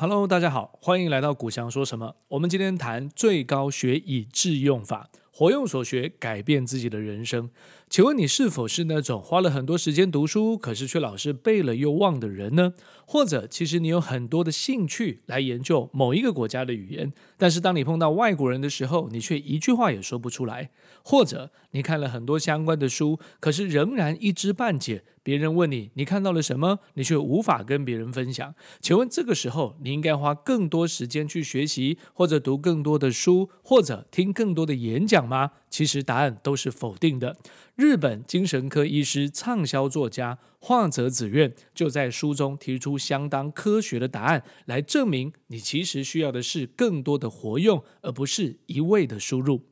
Hello，大家好，歡迎來到古翔說什麼。我們今天談最高學以致用法，活用所學，改變自己的人生。請問你是否是那種花了很多時間讀書，可是卻老是背了又忘的人呢？或者，其實你有很多的興趣來研究某一個國家的語言，但是當你碰到外國人的時候，你卻一句話也說不出來。或者，你看了很多相關的書，可是仍然一知半解，別人問你，你看到了什麼，你卻無法跟別人分享。請問這個時候，你應該花更多時間去學習，或者讀更多的書，或者聽更多的演講嗎？其實答案都是否定的。日本精神科醫師、暢銷作家樺澤紫苑就在書中提出相當科學的答案，來證明你其實需要的是更多的活用，而不是一味的輸入。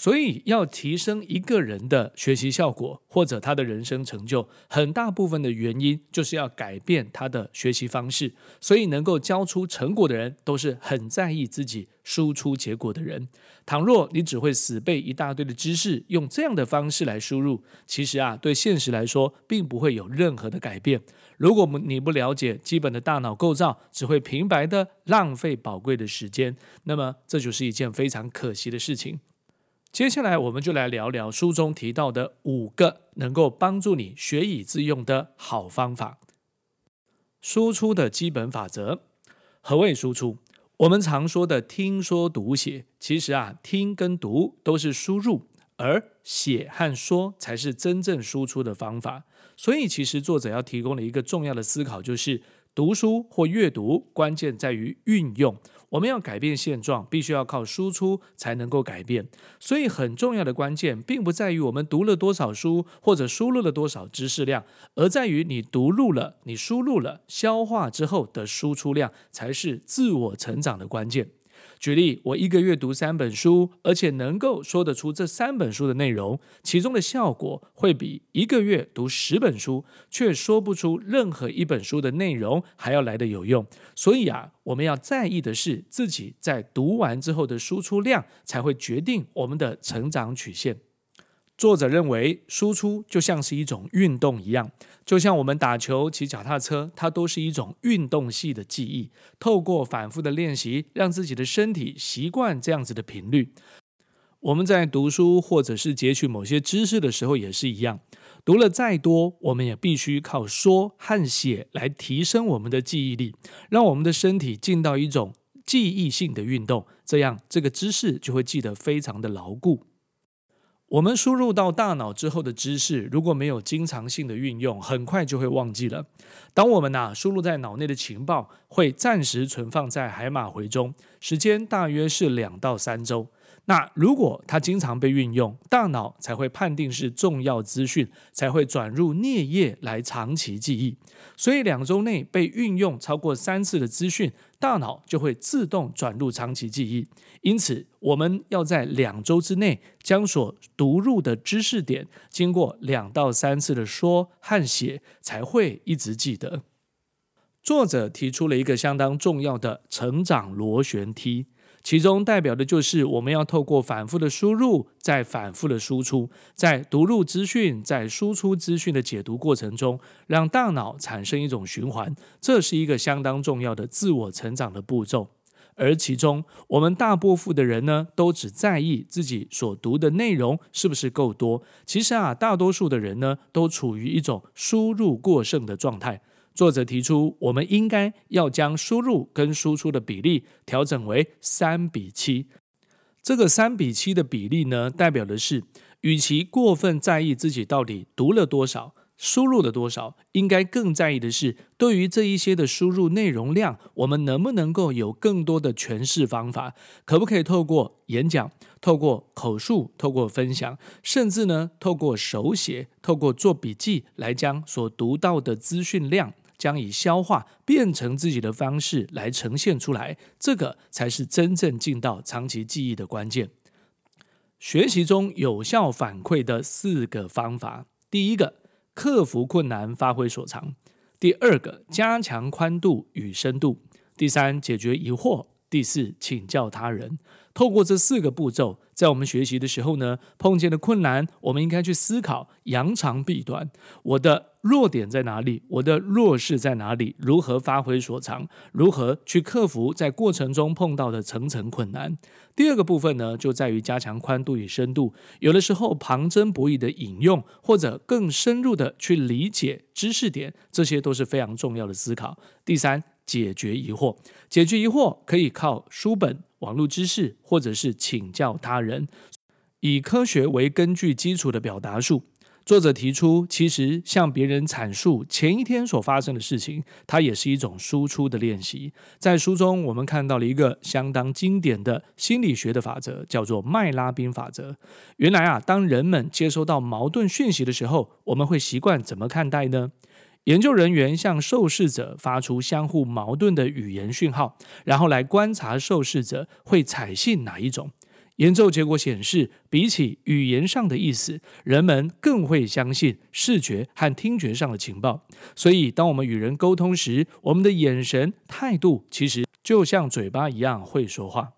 所以，要提升一個人的學習效果，或者他的人生成就，很大部分的原因就是要改變他的學習方式。所以，能夠交出成果的人，都是很在意自己輸出結果的人。倘若你只會死背一大堆的知識，用這樣的方式來輸入，其實啊，對現實來說，並不會有任何的改變。如果我們你不了解基本的大腦構造，只會平白的浪費寶貴的時間，那麼這就是一件非常可惜的事情。接下來，我們就來聊聊書中提到的五個能夠幫助你學以致用的好方法。輸出的基本法則，何謂輸出？我們常說的聽說讀寫，其實啊，聽跟讀都是輸入，而寫和說才是真正輸出的方法。所以，其實作者要提供的一個重要的思考就是，讀書或閱讀，關鍵在於運用。我們要改變現狀，必須要靠輸出才能夠改變。所以，很重要的關鍵，並不在於我們讀了多少書或者輸入了多少知識量，而在於你讀入了、你輸入了、消化之後的輸出量，才是自我成長的關鍵。舉例，我一個月讀三本書，而且能夠說得出這三本書的內容，其中的效果會比一個月讀十本書卻說不出任何一本書的內容還要來得有用。所以啊，我們要在意的是自己在讀完之後的輸出量，才會決定我們的成長曲線。作者認為，輸出就像是一種運動一樣，就像我們打球、騎腳踏車，它都是一種運動系的記憶。透過反覆的練習，讓自己的身體習慣這樣子的頻率。我們在讀書或者是截取某些知識的時候也是一樣，讀了再多，我們也必須靠說和寫來提升我們的記憶力，讓我們的身體進到一種記憶性的運動，這樣這個知識就會記得非常的牢固。我們輸入到大腦之後的知識，如果沒有經常性的運用，很快就會忘記了。當我們吶、啊、輸入在腦內的情報，會暫時存放在海馬回中，時間大約是兩到三周。那如果它經常被運用，大腦才會判定是重要資訊，才會轉入顳葉來長期記憶。所以兩周內被運用超過三次的資訊，大腦就會自動轉入長期記憶。因此，我們要在兩周之內將所讀入的知識點，經過兩到三次的說和寫，才會一直記得。作者提出了一個相當重要的成長螺旋梯。其中代表的就是我們要透過反覆的輸入，再反覆的輸出，在讀入資訊、再輸出資訊的解讀過程中，讓大腦產生一種循環，這是一個相當重要的自我成長的步驟。而其中，我們大部分的人呢，都只在意自己所讀的內容是不是夠多。其實啊，大多數的人呢，都處於一種輸入過剩的狀態。作者提出，我們應該要將輸入跟輸出的比例調整為三比七。這個三比七的比例呢，代表的是，與其過分在意自己到底讀了多少、輸入了多少，應該更在意的是，對於這一些的輸入內容量，我們能不能夠有更多的詮釋方法？可不可以透過演講、透過口述、透過分享，甚至呢，透過手寫、透過做筆記，來將所讀到的資訊量。將以消化變成自己的方式來呈現出來，這個才是真正進到長期記憶的關鍵。學習中有效反饋的四個方法：第一個，克服困難發揮所長；第二個，加強寬度與深度；第三，解決疑惑；第四，請教他人。透過這四個步驟，在我們學習的時候呢，碰見的困難，我們應該去思考揚長避短。我的弱點在哪裡？我的弱勢在哪裡？如何發揮所長？如何去克服在過程中碰到的層層困難？第二個部分呢，就在於加強寬度與深度。有的時候旁徵博引的引用，或者更深入的去理解知識點，這些都是非常重要的思考。第三，解決疑惑，解決疑惑可以靠書本、網絡知識，或者是請教他人。以科學為根據基礎的表達術，作者提出，其實向別人闡述前一天所發生的事情，它也是一種輸出的練習。在書中，我們看到了一個相當經典的心理學的法則，叫做麥拉賓法則。原來啊，當人們接收到矛盾訊息的時候，我們會習慣怎麼看待呢？研究人員向受試者發出相互矛盾的語言訊號，然後來觀察受試者會採信哪一種。研究結果顯示，比起語言上的意思，人們更會相信視覺和聽覺上的情報。所以，當我們與人溝通時，我們的眼神、態度其實就像嘴巴一樣會說話。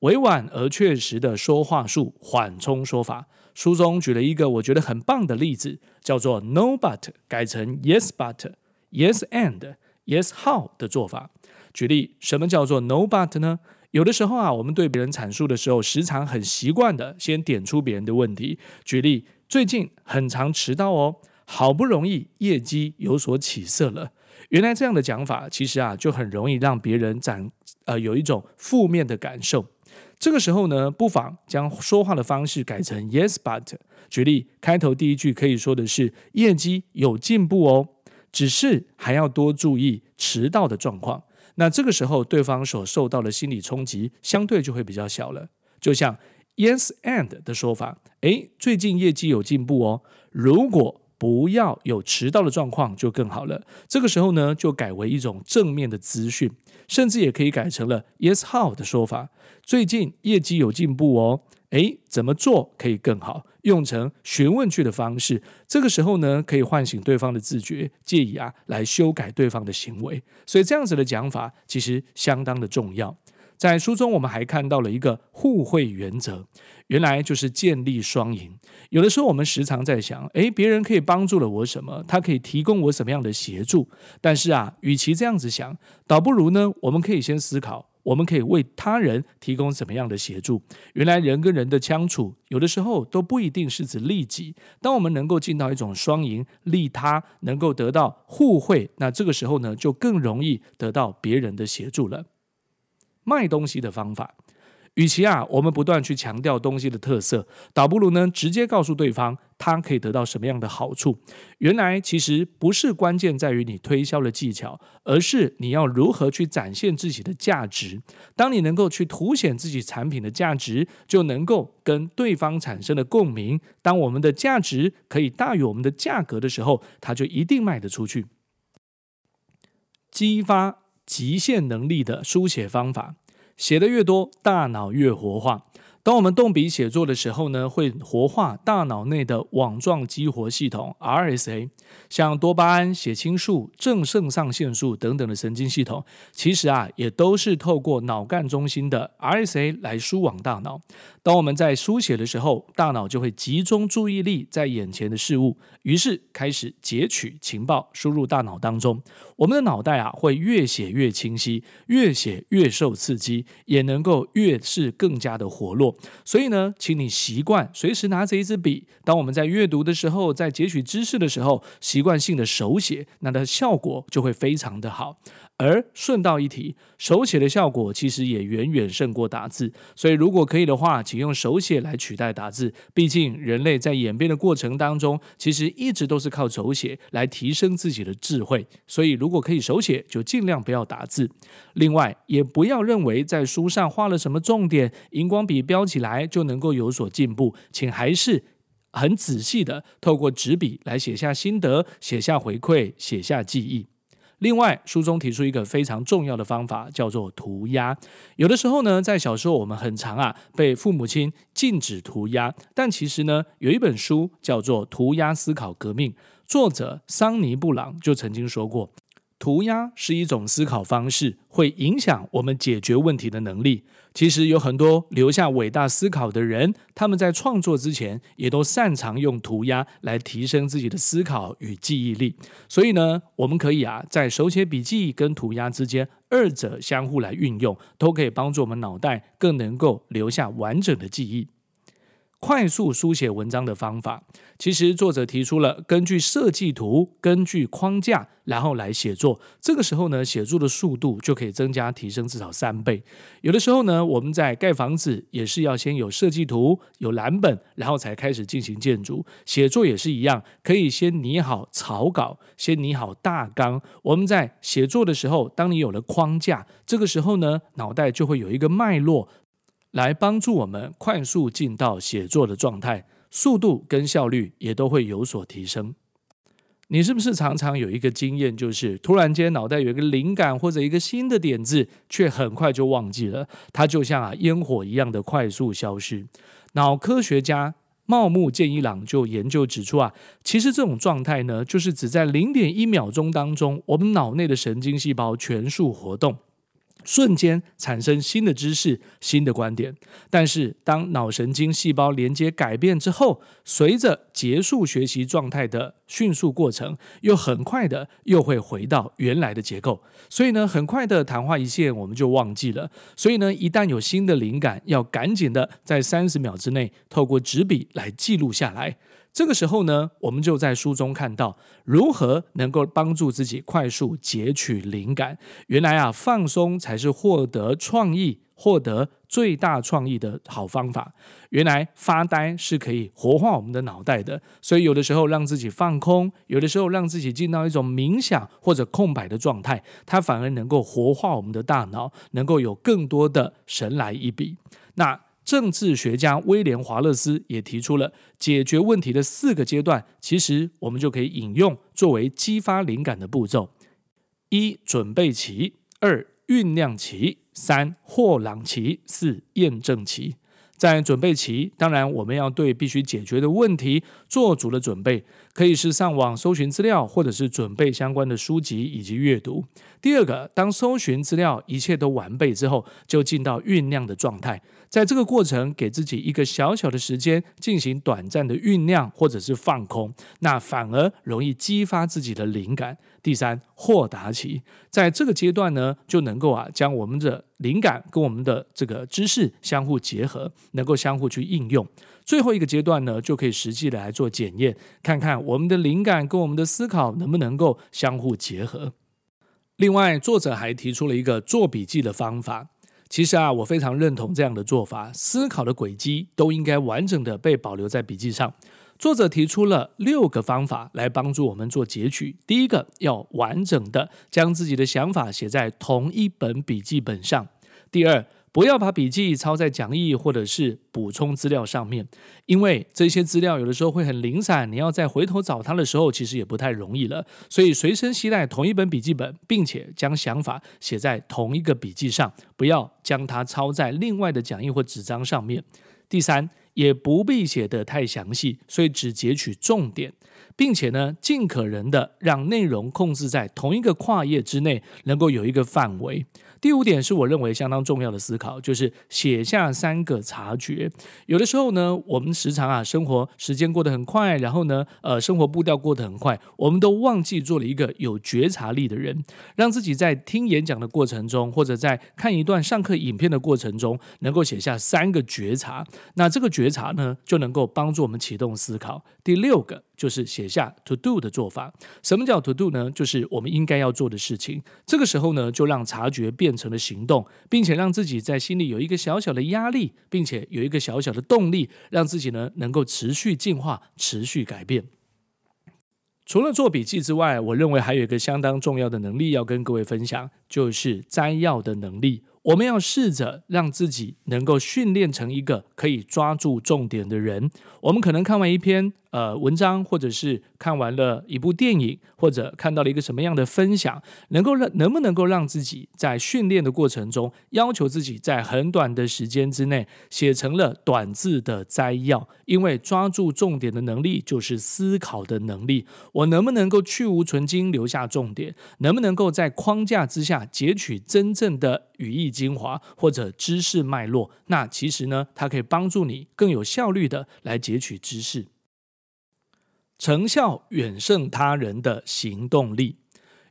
委婉而確實的說話術，緩衝說法。書中舉了一個我覺得很棒的例子，叫做 “No but” 改成 “Yes but”，“Yes and”，“Yes how” 的做法。舉例，什麼叫做 “No but” 呢？有的時候啊，我們對別人闡述的時候，時常很習慣的先點出別人的問題。舉例，最近很常遲到哦，好不容易業績有所起色了。原來這樣的講法，其實啊，就很容易讓別人展呃，有一種負面的感受。這個時候呢，不妨將說話的方式改成 yes but。舉例，開頭第一句可以說的是業績有進步哦，只是還要多注意遲到的狀況。那這個時候，對方所受到的心理衝擊相對就會比較小了。就像 yes and 的說法，哎，最近業績有進步哦。如果不要有遲到的狀況就更好了。這個時候呢，就改為一種正面的資訊，甚至也可以改成了 Yes how 的說法。最近業績有進步哦，誒，怎麼做可以更好？用成詢問句的方式，這個時候呢，可以喚醒對方的自覺，借以啊來修改對方的行為。所以這樣子的講法其實相當的重要。在書中，我們還看到了一個互惠原則，原來就是建立雙贏。有的時候，我們時常在想，誒，別人可以幫助了我什麼？他可以提供我什麼樣的協助？但是啊，與其這樣子想，倒不如呢，我們可以先思考，我們可以為他人提供什麼樣的協助？原來，人跟人的相處，有的時候都不一定是指利己。當我們能夠盡到一種雙贏、利他，能夠得到互惠，那這個時候呢，就更容易得到別人的協助了。賣東西的方法，與其啊，我們不斷去強調東西的特色，倒不如呢，直接告訴對方他可以得到什麼樣的好處。原來其實不是關鍵在於你推銷的技巧，而是你要如何去展現自己的價值。當你能夠去凸顯自己產品的價值，就能夠跟對方產生了共鳴。當我們的價值可以大於我們的價格的時候，他就一定賣得出去。激發極限能力的書寫方法。寫得越多，大腦越活化。當我們動筆寫作的時候呢，會活化大腦內的網狀激活系統 （RSA），像多巴胺、血清素、正腎上腺素等等的神經系統，其實啊，也都是透過腦幹中心的 RSA 來輸往大腦。當我們在書寫的時候，大腦就會集中注意力在眼前的事物。於是開始截取情報，輸入大腦當中。我們的腦袋啊，會越寫越清晰，越寫越受刺激，也能夠越是更加的活絡。所以呢，請你習慣隨時拿着一支筆。當我們在閱讀的時候，在截取知識的時候，習慣性的手寫，那的效果就會非常的好。而順道一提，手寫的效果其實也遠遠勝過打字，所以如果可以的話，請用手寫來取代打字。畢竟人類在演變的過程當中，其實一直都是靠手寫來提升自己的智慧。所以如果可以手寫，就盡量不要打字。另外，也不要認為在書上畫了什麼重點，熒光筆標起來就能夠有所進步。請還是很仔細地透過紙筆來寫下心得，寫下回饋，寫下記憶。另外，書中提出一個非常重要的方法，叫做塗鴉。有的時候呢，在小時候我們很常啊，被父母親禁止塗鴉。但其實呢，有一本書叫做《塗鴉思考革命》，作者桑尼布朗就曾經說過。塗鴉是一種思考方式，會影響我們解決問題的能力。其實有很多留下偉大思考的人，他們在創作之前也都擅長用塗鴉來提升自己的思考與記憶力。所以呢，我們可以啊，在手寫筆記跟塗鴉之間，二者相互來運用，都可以幫助我們腦袋更能夠留下完整的記憶。快速書寫文章的方法，其實作者提出了根據設計圖、根據框架，然後來寫作。這個時候呢，寫作的速度就可以增加、提升至少三倍。有的時候呢，我們在蓋房子也是要先有設計圖、有藍本，然後才開始進行建築。寫作也是一樣，可以先擬好草稿，先擬好大綱。我們在寫作的時候，當你有了框架，這個時候呢，腦袋就會有一個脈絡。來幫助我們快速進到寫作的狀態，速度跟效率也都會有所提升。你是不是常常有一個經驗，就是突然間腦袋有一個靈感或者一個新的點子，卻很快就忘記了，它就像啊煙火一樣的快速消失。腦科學家茂木健一郎就研究指出啊，其實這種狀態呢，就是只在零點一秒鐘當中，我們腦內的神經細胞全速活動。瞬間產生新的知識、新的觀點。但是，當腦神經細胞連接改變之後，隨着結束學習狀態的迅速過程，又很快的又會回到原來的結構。所以呢，很快的曇花一現我們就忘記了。所以呢，一旦有新的靈感，要趕緊的在三十秒之內透過紙筆來記錄下來。這個時候呢，我們就在書中看到如何能夠幫助自己快速截取靈感。原來啊，放鬆才是獲得創意、獲得最大創意的好方法。原來發呆是可以活化我們的腦袋的。所以有的時候讓自己放空，有的時候讓自己進到一種冥想或者空白的狀態，它反而能夠活化我們的大腦，能夠有更多的神來一筆。那。政治學家威廉·華勒斯也提出了解決問題的四個階段，其實我們就可以引用作為激發靈感的步驟：一、準備期；二、醞釀期；三、豁朗期；四、驗證期。在準備期，當然我們要對必須解決的問題做足了準備。可以是上網搜尋資料，或者是準備相關的書籍以及閱讀。第二個，當搜尋資料一切都完備之後，就進到醞釀的狀態。在這個過程，給自己一個小小的時間進行短暫的醞釀，或者是放空，那反而容易激發自己的靈感。第三，豁達期，在這個階段呢，就能夠啊將我們的靈感跟我們的這個知識相互結合，能夠相互去應用。最後一個階段呢，就可以實際的來做檢驗，看看。我們的靈感跟我們的思考能不能夠相互結合？另外，作者還提出了一個做筆記的方法。其實啊，我非常認同這樣的做法，思考的軌跡都應該完整的被保留在筆記上。作者提出了六個方法來幫助我們做截取。第一個，要完整的將自己的想法寫在同一本筆記本上。第二，不要把筆記抄在講義或者是補充資料上面，因為這些資料有的時候會很零散，你要再回頭找它的時候，其實也不太容易了。所以隨身攜帶同一本筆記本，並且將想法寫在同一個筆記上，不要將它抄在另外的講義或紙張上面。第三，也不必寫得太詳細，所以只截取重點，並且呢，盡可能的讓內容控制在同一個跨頁之內，能夠有一個範圍。第五點是我認為相當重要的思考，就是寫下三個察覺。有的時候呢，我們時常啊，生活時間過得很快，然後呢，呃，生活步調過得很快，我們都忘記做了一個有覺察力的人，讓自己在聽演講的過程中，或者在看一段上課影片的過程中，能夠寫下三個覺察。那這個覺察呢，就能夠幫助我們啟動思考。第六個。就是寫下 to do 的做法。什麼叫 to do 呢？就是我們應該要做的事情。這個時候呢，就讓察覺變成了行動，並且讓自己在心裡有一個小小的壓力，並且有一個小小的動力，讓自己呢能夠持續進化、持續改變。除了做筆記之外，我認為還有一個相當重要的能力要跟各位分享，就是摘要的能力。我們要試着讓自己能夠訓練成一個可以抓住重點的人。我們可能看完一篇。呃，文章，或者是看完了一部電影，或者看到了一個什麼樣的分享，能夠讓能不能夠讓自己在訓練的過程中，要求自己在很短的時間之內寫成了短字的摘要。因為抓住重點的能力就是思考的能力，我能不能夠去蕪存菁留下重點，能不能夠在框架之下截取真正的語義精華或者知識脈絡？那其實呢，它可以幫助你更有效率的來截取知識。成效遠勝他人的行動力，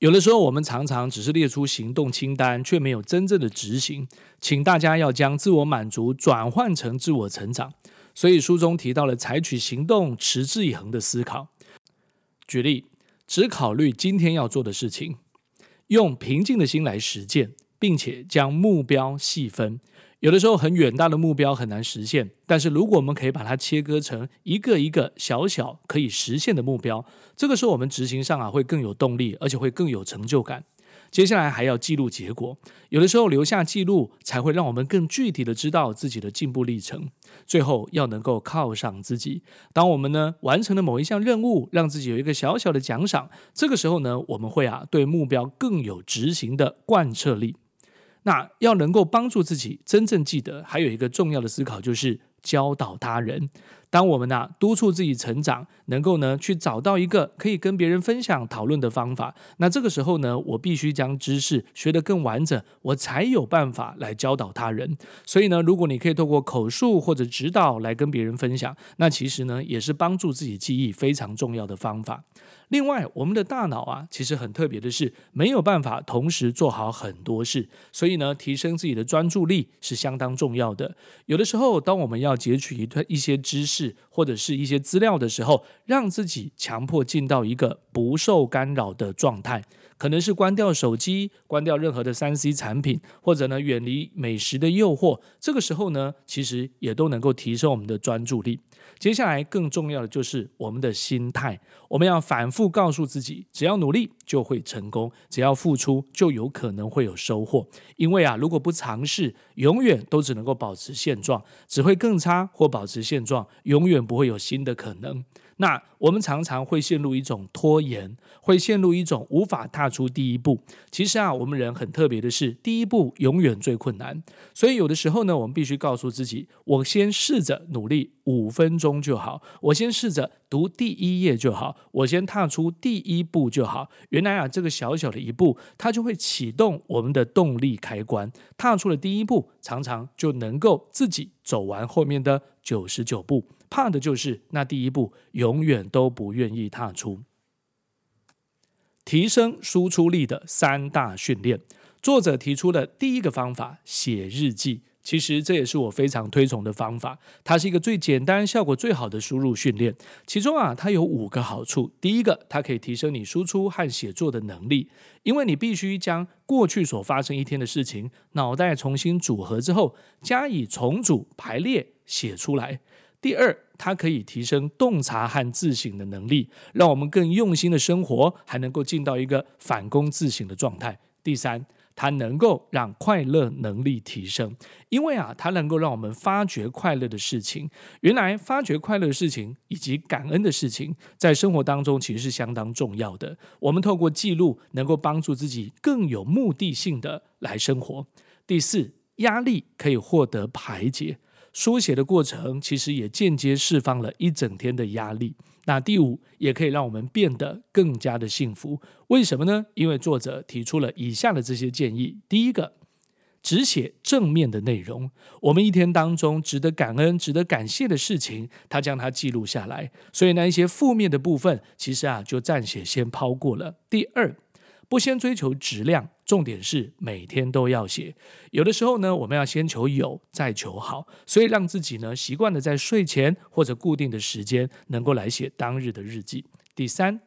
有的時候我們常常只是列出行動清單，卻沒有真正的執行。請大家要將自我滿足轉換成自我成長。所以書中提到了採取行動、持之以恆的思考。舉例，只考慮今天要做的事情，用平靜的心來實踐，並且將目標細分。有的時候很遠大的目標很難實現，但是如果我們可以把它切割成一個一個小小可以實現的目標，這個時候我們執行上啊會更有動力，而且會更有成就感。接下來還要記錄結果，有的時候留下記錄才會讓我們更具體的知道自己的進步歷程。最後要能夠犒賞自己，當我們呢完成了某一項任務，讓自己有一個小小的獎賞，這個時候呢我們會啊對目標更有執行的貫徹力。那要能夠幫助自己真正記得，還有一個重要的思考就是教導他人。當我們吶、啊、督促自己成長，能夠呢去找到一個可以跟別人分享討論的方法。那這個時候呢，我必須將知識學得更完整，我才有辦法來教導他人。所以呢，如果你可以透過口述或者指導來跟別人分享，那其實呢也是幫助自己記憶非常重要的方法。另外，我們的大腦啊其實很特別的是，沒有辦法同時做好很多事，所以呢，提升自己的專注力是相當重要的。有的時候，當我們要截取一段一些知識，或者是一些資料的時候，讓自己強迫進到一個不受干擾的狀態，可能是關掉手機、關掉任何的三 C 產品，或者呢遠離美食的誘惑。這個時候呢，其實也都能夠提升我們的專注力。接下來更重要的就是我們的心態，我們要反覆告訴自己：只要努力就會成功，只要付出就有可能會有收穫。因為啊，如果不嘗試，永遠都只能夠保持現狀，只會更差或保持現狀，永遠不會有新的可能。那。我們常常會陷入一種拖延，會陷入一種無法踏出第一步。其實啊，我們人很特別的是，第一步永遠最困難。所以有的時候呢，我們必須告訴自己：我先試着努力五分鐘就好；我先試着讀第一頁就好；我先踏出第一步就好。原來啊，這個小小的一步，它就會啟動我們的動力開關。踏出了第一步，常常就能夠自己走完後面的九十九步。怕的就是那第一步永遠。都不願意踏出。提升輸出力的三大訓練。作者提出的第一個方法，寫日記，其實這也是我非常推崇的方法。它是一個最簡單、效果最好的輸入訓練。其中啊，它有五個好處。第一個，它可以提升你輸出和寫作的能力，因為你必須將過去所發生一天的事情，腦袋重新組合之後加以重組排列寫出來。第二，它可以提升洞察和自省的能力，讓我們更用心的生活，還能夠進到一個反躬自省的狀態。第三，它能夠讓快樂能力提升，因為啊，它能夠讓我們發掘快樂的事情。原來，發掘快樂的事情以及感恩的事情，在生活當中其實是相當重要的。我們透過記錄，能夠幫助自己更有目的性的來生活。第四，壓力可以獲得排解。書寫的過程其實也間接釋放了一整天的壓力。那第五，也可以讓我們變得更加的幸福。為什麼呢？因為作者提出了以下的這些建議：第一個，只寫正面的內容。我們一天當中值得感恩、值得感謝的事情，他將它記錄下來。所以，那一些負面的部分，其實啊，就暫且先拋過了。第二，不先追求質量。重點是每天都要寫，有的時候呢，我們要先求有，再求好，所以讓自己呢習慣的在睡前或者固定的時間能夠來寫當日的日記。第三，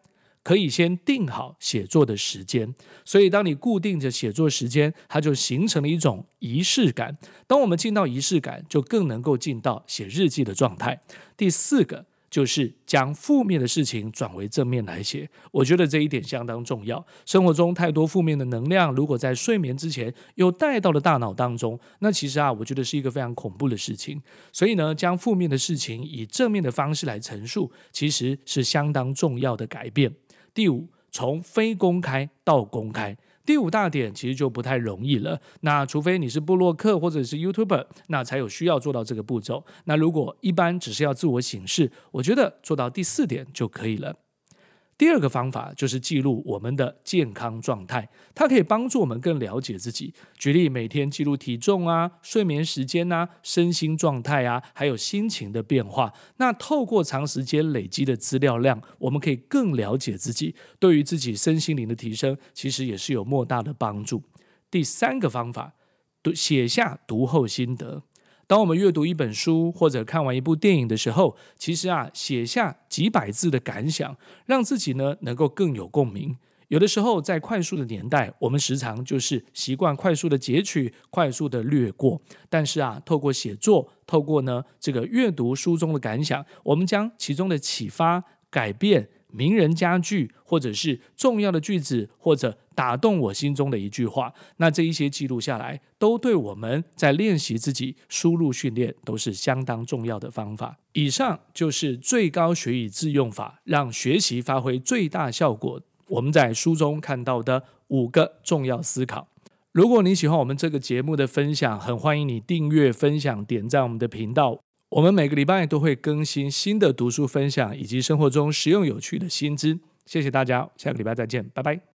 可以先定好寫作的時間，所以當你固定着寫作時間，它就形成了一種儀式感。當我們進到儀式感，就更能夠進到寫日記的狀態。第四個。就是將負面的事情轉為正面來寫，我覺得這一點相當重要。生活中太多負面的能量，如果在睡眠之前又帶到了大腦當中，那其實啊，我覺得是一個非常恐怖的事情。所以呢，將負面的事情以正面的方式來陳述，其實是相當重要的改變。第五，從非公開到公開。第五大點其實就不太容易了，那除非你是部落客或者是 YouTuber，那才有需要做到這個步驟。那如果一般只是要自我省視，我覺得做到第四點就可以了。第二個方法就是記錄我們的健康狀態，它可以幫助我們更了解自己。舉例，每天記錄體重啊、睡眠時間啊、身心狀態啊，還有心情的變化。那透過長時間累積的資料量，我們可以更了解自己，對於自己身心靈的提升，其實也是有莫大的幫助。第三個方法，讀寫下讀後心得。當我們閱讀一本書或者看完一部電影的時候，其實啊，寫下幾百字的感想，讓自己呢能夠更有共鳴。有的時候，在快速的年代，我們時常就是習慣快速的截取、快速的略過。但是啊，透過寫作，透過呢這個閱讀書中的感想，我們將其中的啟發改變。名人佳句，或者是重要的句子，或者打動我心中的一句話，那這一些記錄下來，都對我們在練習自己輸入訓練都是相當重要的方法。以上就是最高學以致用法，讓學習發揮最大效果。我們在書中看到的五個重要思考。如果你喜歡我們這個節目的分享，很歡迎你訂閱、分享、點讚我們的頻道。我們每個禮拜都會更新新的讀書分享，以及生活中實用有趣的新知，謝謝大家，下個禮拜再見，拜拜。